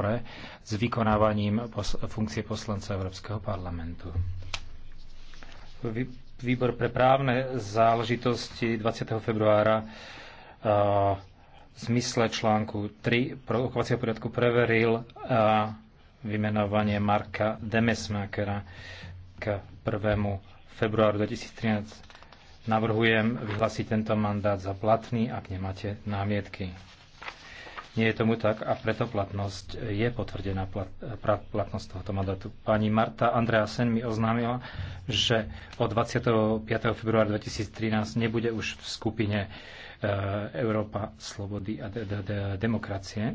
rozpore s vykonávaním pos- funkcie poslanca Európskeho parlamentu. Výbor pre právne záležitosti 20. februára uh, v zmysle článku 3 provokovacieho poriadku preveril a vymenovanie Marka Demesmakera k 1. februáru 2013. Navrhujem vyhlásiť tento mandát za platný, ak nemáte námietky. Nie je tomu tak a preto platnosť je potvrdená plat, platnosť tohoto mandátu. Pani Marta Andreasen mi oznámila, že od 25. februára 2013 nebude už v skupine e, Európa slobody a demokracie.